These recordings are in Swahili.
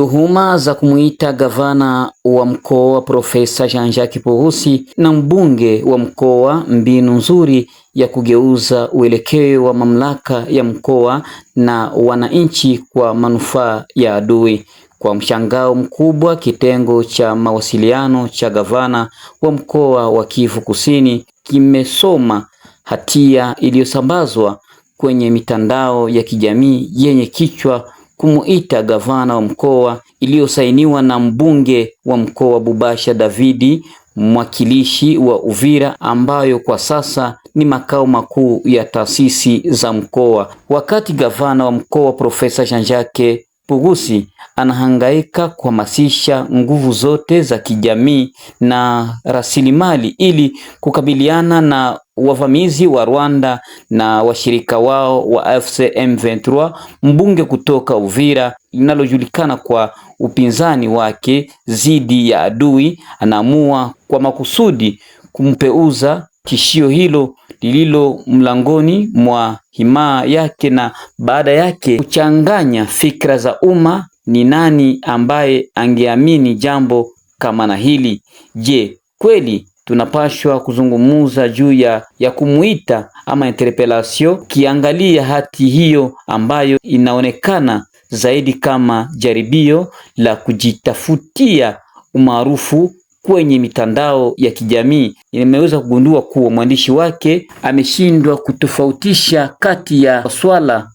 Tuhuma za kumuita gavana wa mkoa Profesa Jean-Jacques Purusi na mbunge wa mkoa mbinu nzuri ya kugeuza uelekeo wa mamlaka ya mkoa na wananchi kwa manufaa ya adui. Kwa mshangao mkubwa, kitengo cha mawasiliano cha gavana wa mkoa wa Kivu Kusini kimesoma hatia iliyosambazwa kwenye mitandao ya kijamii yenye kichwa kumuita gavana wa mkoa iliyosainiwa na mbunge wa mkoa Bubasha Davidi mwakilishi wa Uvira ambayo kwa sasa ni makao makuu ya taasisi za mkoa. Wakati gavana wa mkoa Profesa Jean-Jacques Pugusi anahangaika kuhamasisha nguvu zote za kijamii na rasilimali ili kukabiliana na wavamizi wa Rwanda na washirika wao wa AFC M23, mbunge kutoka Uvira linalojulikana kwa upinzani wake dhidi ya adui, anaamua kwa makusudi kumpeuza tishio hilo lililo mlangoni mwa himaa yake, na baada yake kuchanganya fikra za umma. Ni nani ambaye angeamini jambo kama na hili? Je, kweli tunapashwa kuzungumuza juu ya, ya kumuita ama interpelasio, kiangalia hati hiyo ambayo inaonekana zaidi kama jaribio la kujitafutia umaarufu kwenye mitandao ya kijamii. Nimeweza kugundua kuwa mwandishi wake ameshindwa kutofautisha kati ya swala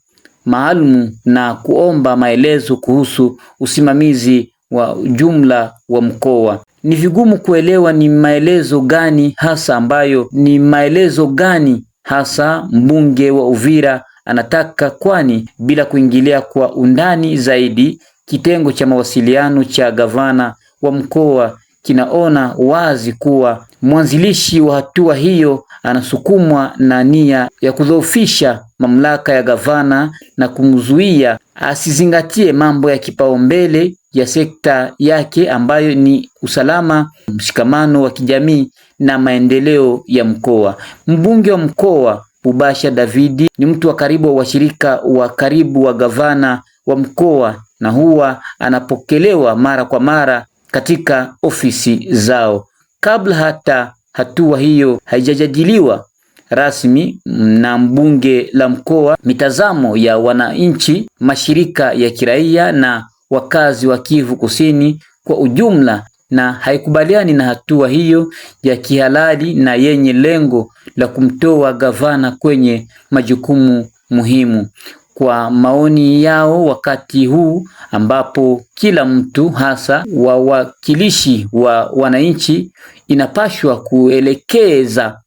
maalum na kuomba maelezo kuhusu usimamizi wa jumla wa mkoa ni vigumu kuelewa ni maelezo gani hasa ambayo ni maelezo gani hasa mbunge wa Uvira anataka, kwani bila kuingilia kwa undani zaidi, kitengo cha mawasiliano cha gavana wa mkoa kinaona wazi kuwa mwanzilishi wa hatua hiyo anasukumwa na nia ya kudhoofisha mamlaka ya gavana na kumzuia asizingatie mambo ya kipaumbele ya sekta yake ambayo ni usalama, mshikamano wa kijamii na maendeleo ya mkoa. Mbunge wa mkoa Mubasha Davidi ni mtu wa karibu wa washirika wa karibu wa gavana wa mkoa na huwa anapokelewa mara kwa mara katika ofisi zao. Kabla hata hatua hiyo haijajadiliwa rasmi na mbunge la mkoa, mitazamo ya wananchi, mashirika ya kiraia na wakazi wa Kivu Kusini kwa ujumla na haikubaliani na hatua hiyo ya kihalali na yenye lengo la kumtoa gavana kwenye majukumu muhimu. Kwa maoni yao, wakati huu ambapo kila mtu hasa wawakilishi wa wananchi inapashwa kuelekeza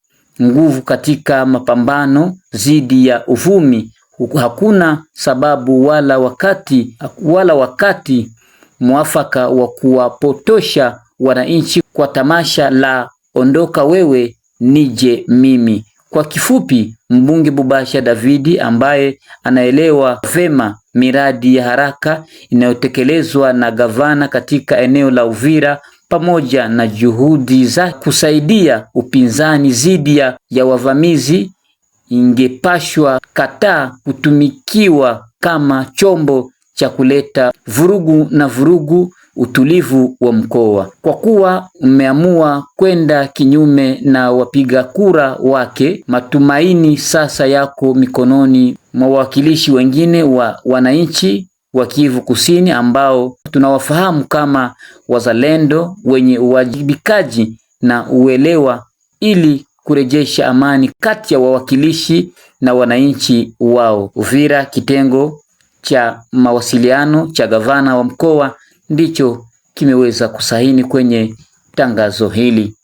nguvu katika mapambano dhidi ya uvumi hakuna sababu wala wakati, wala wakati mwafaka wa kuwapotosha wananchi kwa tamasha la ondoka wewe nije mimi. Kwa kifupi, mbunge Bubasha Davidi ambaye anaelewa vema miradi ya haraka inayotekelezwa na gavana katika eneo la Uvira pamoja na juhudi za kusaidia upinzani dhidi ya wavamizi ingepashwa kataa kutumikiwa kama chombo cha kuleta vurugu na vurugu utulivu wa mkoa, kwa kuwa umeamua kwenda kinyume na wapiga kura wake. Matumaini sasa yako mikononi mwa wawakilishi wengine wa wananchi wa Kivu Kusini ambao tunawafahamu kama wazalendo wenye uwajibikaji na uelewa ili kurejesha amani kati ya wawakilishi na wananchi wao. Uvira, kitengo cha mawasiliano cha gavana wa mkoa ndicho kimeweza kusaini kwenye tangazo hili.